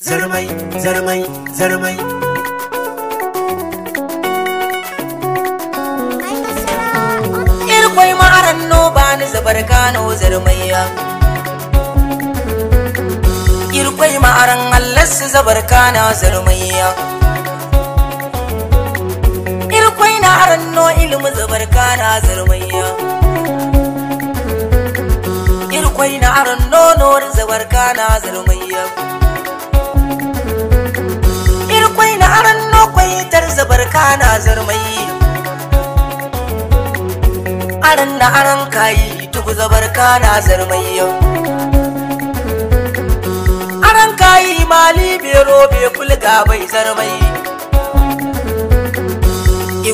zarmai zarmai zarmai Irkwai ma'aran no ba ni zabar kano zarmai ya Irkwai ma'aran allah su zabar kana zarmai ya Irkwai na aran no ilmi zabar kana zarmai ya Irkwai na aran no no zabar kana zarmai ya kana zarmai aran na aran kayi tuku zabar kana zarmai yau aran kayi mali bero be kulga bai zarmai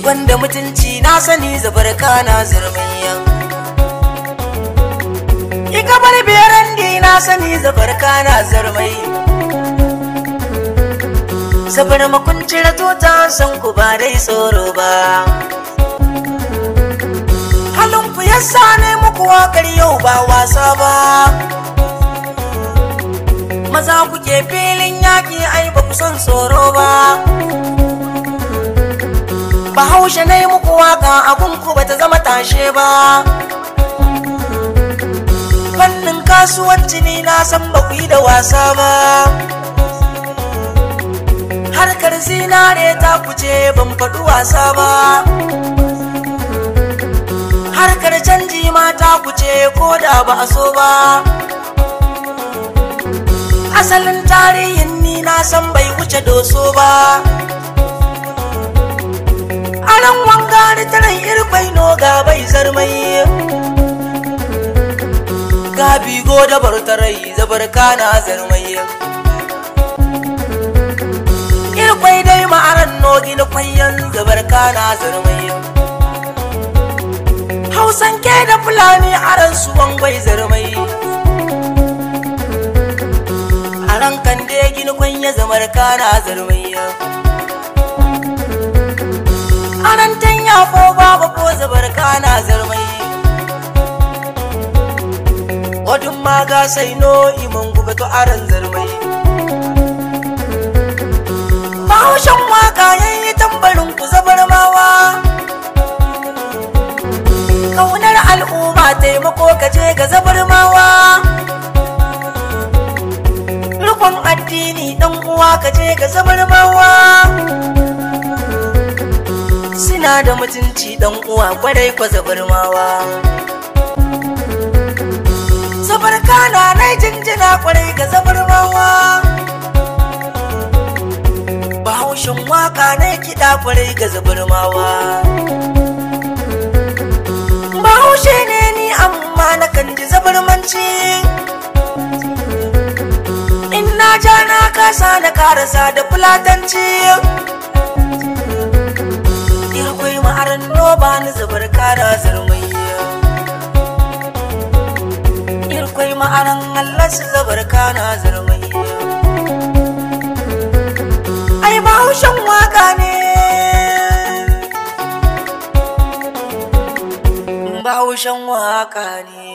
igon da mutunci na sani zabar kana zarmai yau ikabar beran na sani zabar kana zarmai sabar makuncin tuta san ku ba dai tsoro ba halinku ya sane muku wakar yau ba wasa ba maza ku ke filin yaƙi ai ba ku san tsoro ba bahaushe na yi muku waka abinku ba ta zama tashe ba fannin kasuwanci ne na san ba ku yi da wasa ba zinare ta kuce ban faɗi wasa ba harkar canji ma ta kuce ko da ba a so ba asalin tarihin ni na san bai wuce doso ba aran wanga da taran irkwai noga bai zarmai gabi go da bartarai zabar kana zarmai aran nogi na kwayan zubar kana zarmai hausan ke da fulani aran su wangwai zarmai aran kan degi na kwanya zubar kana zarmai aran tanya ko baba ko zubar kana zarmai wadun ma ga sai no iman gube to aran zarmai bahaushen waka yi tambarin ku zabar mawa kaunar al'umma taimako ka je ga zabar mawa rukun addini ɗan uwa ka je ga zabar mawa suna da mutunci dan uwa kwarai kwa zabar mawa haushin waka na kiɗa kwarai ga zabarmawa bahaushe ne ni amma na kan ji zabarmanci in na ja na kasa na karasa da fulatanci irkwai ma'aran roba ni zabar kara zarmai irkwai ma'aran allah su zabar kana zarmai bahaushen waka ne